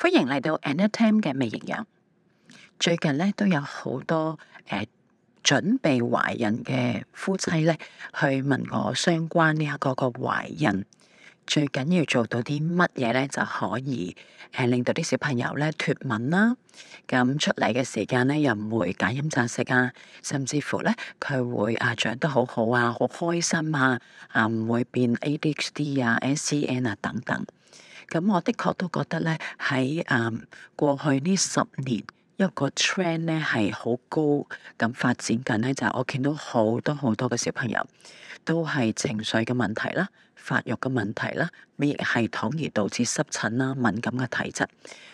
歡迎嚟到 Annette Tam 嘅微營養。最近咧都有好多誒、呃、準備懷孕嘅夫妻咧，去問我相關呢、這、一個、這個懷孕最緊要做到啲乜嘢咧，就可以誒、呃、令到啲小朋友咧脫敏啦，咁、嗯、出嚟嘅時間咧又唔會揀飲擇食啊，甚至乎咧佢會啊長得好好啊，好開心啊，啊唔會變 ADHD 啊、SCN 啊等等。咁我的確都覺得咧，喺誒、嗯、過去呢十年一個 trend 咧係好高咁發展緊咧，就係、是、我見到好多好多嘅小朋友都係情緒嘅問題啦、發育嘅問題啦、免疫系統而導致濕疹啦、敏感嘅體質，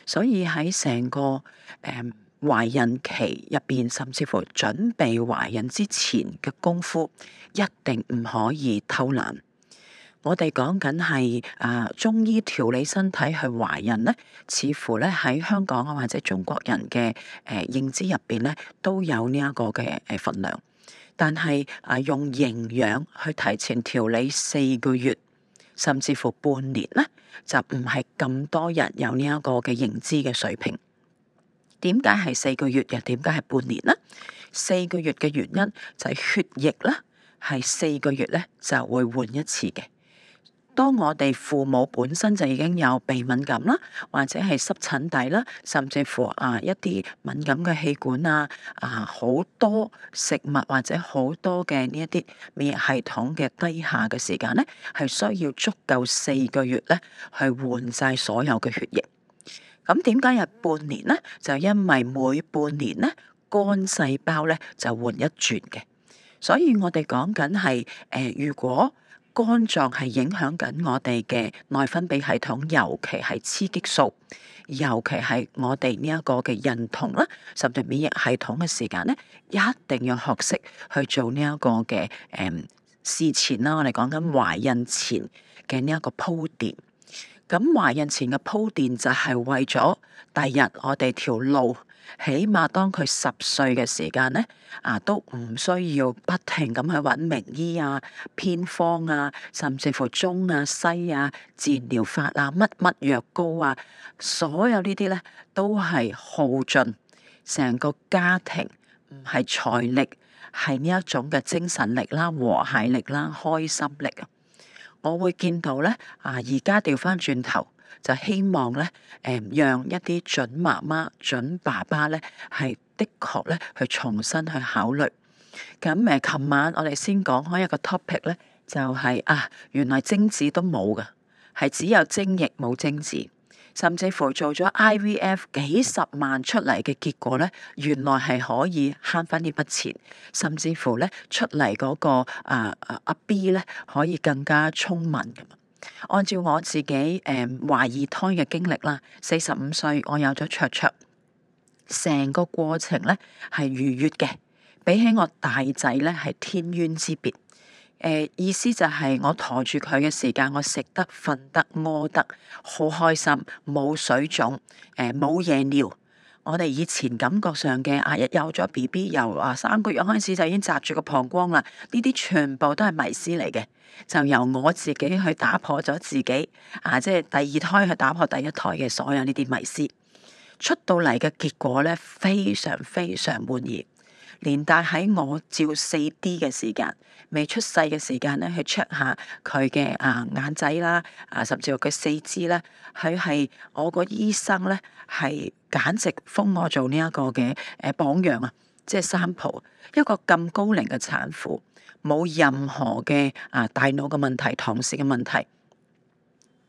所以喺成個誒、嗯、懷孕期入邊，甚至乎準備懷孕之前嘅功夫，一定唔可以偷懶。我哋講緊係啊，中醫調理身體去懷孕咧，似乎咧喺香港啊或者中國人嘅誒、呃、認知入邊咧，都有呢一個嘅誒份量。但係啊、呃，用營養去提前調理四個月，甚至乎半年咧，就唔係咁多人有呢一個嘅認知嘅水平。點解係四個月？又點解係半年呢？四個月嘅原因就係血液咧，係四個月咧就會換一次嘅。當我哋父母本身就已經有鼻敏感啦，或者係濕疹底啦，甚至乎啊一啲敏感嘅氣管啊，啊好多食物或者好多嘅呢一啲免疫系統嘅低下嘅時間咧，係需要足夠四個月咧去換晒所有嘅血液。咁點解要半年咧？就因為每半年咧肝細胞咧就換一轉嘅，所以我哋講緊係誒如果。肝臟係影響緊我哋嘅內分泌系統，尤其係雌激素，尤其係我哋呢一個嘅孕酮啦，甚至免疫系統嘅時間咧，一定要學識去做呢一個嘅誒、嗯、事前啦。我哋講緊懷孕前嘅呢一個鋪墊，咁懷孕前嘅鋪墊就係為咗第日我哋條路。起碼當佢十歲嘅時間咧，啊，都唔需要不停咁去搵名醫啊、偏方啊，甚至乎中啊、西啊治療法啊、乜乜藥膏啊，所有呢啲咧都係耗盡成個家庭唔係財力，係呢一種嘅精神力啦、和諧力啦、開心力啊。我會見到咧，啊，而家掉返轉頭。就希望咧，誒、嗯，讓一啲準媽媽、準爸爸咧，係的確咧，去重新去考慮。咁咪琴晚我哋先講開一個 topic 咧，就係，啊，原來精子都冇㗎，係只有精液冇精子，甚至乎做咗 IVF 幾十萬出嚟嘅結果咧，原來係可以慳返呢筆錢，甚至乎咧，出嚟嗰個啊啊阿 B 咧，可以更加聰明咁按照我自己誒、嗯、懷二胎嘅經歷啦，四十五歲我有咗卓卓，成個過程咧係愉悅嘅，比起我大仔咧係天淵之別。誒、呃、意思就係我陀住佢嘅時間，我食得、瞓得、屙得好開心，冇水腫，誒、冇夜尿。我哋以前感覺上嘅啊，有咗 B B，由啊三個月開始就已經揸住個膀胱啦。呢啲全部都係迷思嚟嘅，就由我自己去打破咗自己啊！即係第二胎去打破第一胎嘅所有呢啲迷思，出到嚟嘅結果咧，非常非常滿意。連帶喺我照四 D 嘅時間，未出世嘅時間咧，去 check 下佢嘅啊眼仔啦，啊甚至乎佢四肢啦。佢係我個醫生咧，係簡直封我做呢一個嘅誒榜樣啊！即係三浦一個咁高齡嘅產婦，冇任何嘅啊大腦嘅問題、唐氏嘅問題，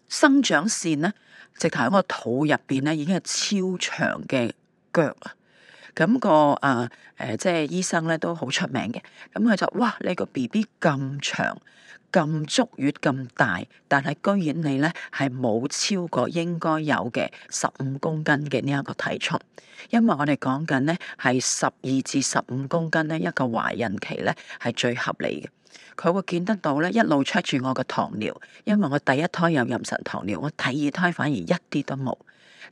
生長線咧直頭喺個肚入邊咧已經係超長嘅腳啊！咁、那個啊誒、呃，即係醫生咧都好出名嘅。咁、嗯、佢就哇，呢個 B B 咁長、咁足月、咁大，但係居然你咧係冇超過應該有嘅十五公斤嘅呢一個體重，因為我哋講緊咧係十二至十五公斤咧一個懷孕期咧係最合理嘅。佢會見得到咧一路 check 住我嘅糖尿，因為我第一胎有妊娠糖尿，我第二胎反而一啲都冇。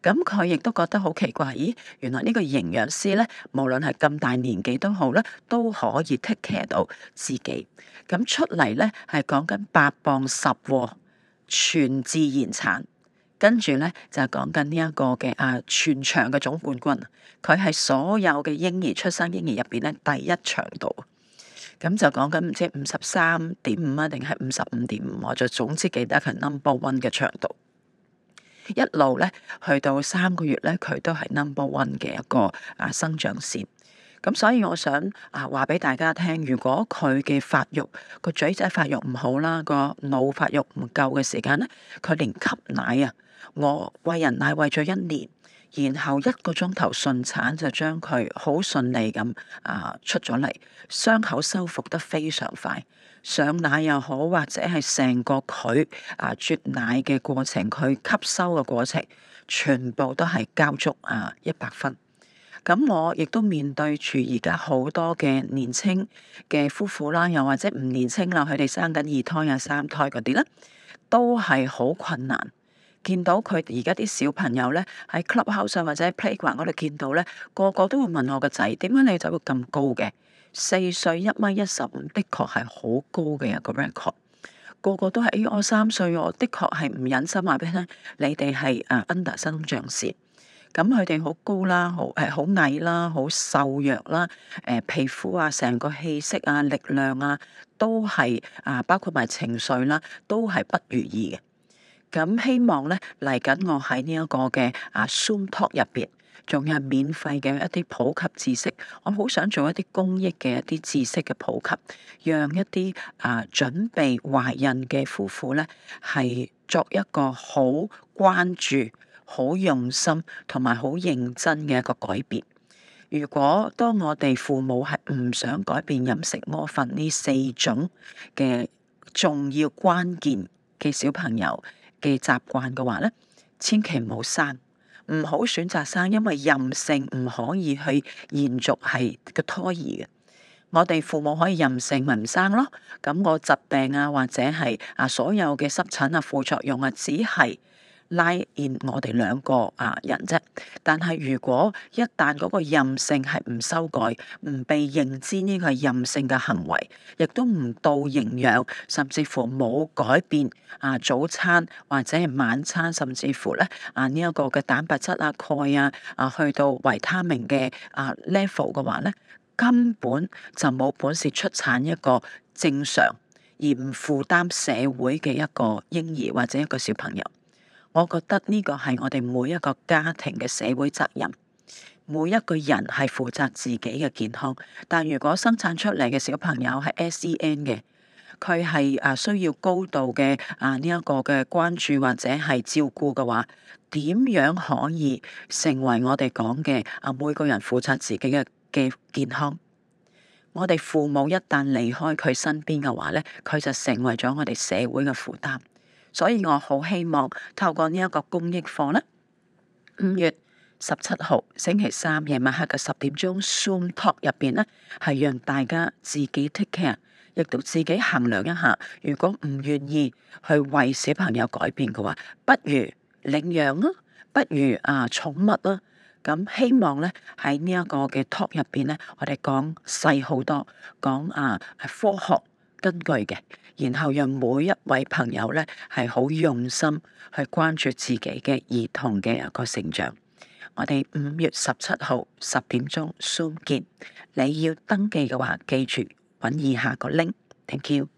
咁佢亦都覺得好奇怪，咦？原來呢個營養師呢，無論係咁大年紀都好呢，都可以 take care 到自己。咁出嚟呢，係講緊八磅十喎、哦，全自然產。跟住呢，就講緊呢一個嘅啊全場嘅總冠軍，佢係所有嘅嬰兒出生嬰兒入邊呢第一長度。咁就講緊唔知五十三點五啊，定係五十五點五，我就總之記得佢 number one 嘅長度。一路咧，去到三個月咧，佢都係 number one 嘅一個啊生長線，咁、嗯、所以我想啊話俾大家聽，如果佢嘅發育個嘴仔發育唔好啦，個腦發育唔夠嘅時間咧，佢連吸奶啊，我餵人奶餵咗一年。然後一個鐘頭順產就將佢好順利咁啊出咗嚟，傷口修復得非常快。上奶又好，或者係成個佢啊啜奶嘅過程，佢吸收嘅過程，全部都係交足啊一百分。咁我亦都面對住而家好多嘅年青嘅夫婦啦，又或者唔年青啦，佢哋生緊二胎呀三胎嗰啲咧，都係好困難。見到佢而家啲小朋友咧，喺 clubhouse 或者 playground 嗰度見到咧，個個都會問我個仔點解你個仔會咁高嘅？四歲一米一十五，的確係好高嘅一個 record。個個都係，誒，我三歲，我的確係唔忍心話俾你聽，你哋係誒 under 生長羣。咁佢哋好高啦，好誒好矮啦，好瘦弱啦，誒、呃、皮膚啊，成個氣息啊，力量啊，都係啊，包括埋情緒啦，都係不如意嘅。咁希望咧嚟緊我喺呢一個嘅啊 Zoom talk 入邊，仲有免費嘅一啲普及知識，我好想做一啲公益嘅一啲知識嘅普及，讓一啲啊準備懷孕嘅夫婦咧係作一個好關注、好用心同埋好認真嘅一個改變。如果當我哋父母係唔想改變飲食、卧瞓呢四種嘅重要關鍵嘅小朋友嘅習慣嘅話咧，千祈唔好生，唔好選擇生，因為任性唔可以去延續係個胎兒嘅。我哋父母可以任性咪唔生咯，咁我疾病啊，或者係啊所有嘅濕疹啊，副作用啊，只係。拉現、like、我哋兩個啊人啫，但係如果一旦嗰個任性係唔修改、唔被認知呢個係任性嘅行為，亦都唔到營養，甚至乎冇改變啊早餐或者係晚餐，甚至乎咧啊呢一個、這個嘅蛋白質啊、鈣啊啊去到維他命嘅啊 level 嘅話咧，根本就冇本事出產一個正常而唔負擔社會嘅一個嬰兒或者一個小朋友。我覺得呢個係我哋每一個家庭嘅社會責任，每一個人係負責自己嘅健康。但如果生產出嚟嘅小朋友係 SEN 嘅，佢係啊需要高度嘅啊呢一個嘅關注或者係照顧嘅話，點樣可以成為我哋講嘅啊每個人負責自己嘅嘅健康？我哋父母一旦離開佢身邊嘅話咧，佢就成為咗我哋社會嘅負擔。所以我好希望透過呢一個公益課咧，五月十七號星期三夜晚黑嘅十點鐘，Zoom talk 入邊咧係讓大家自己 take care，亦都自己衡量一下，如果唔願意去為小朋友改變嘅話，不如領養囉，不如啊寵物囉，咁希望咧喺呢一個嘅 talk 入邊咧，我哋講細好多，講啊科學。根據嘅，然後讓每一位朋友咧係好用心去關注自己嘅兒童嘅一個成長。我哋五月十七號十點鐘 Zoom 見。你要登記嘅話，記住搵以下個 link。Thank you。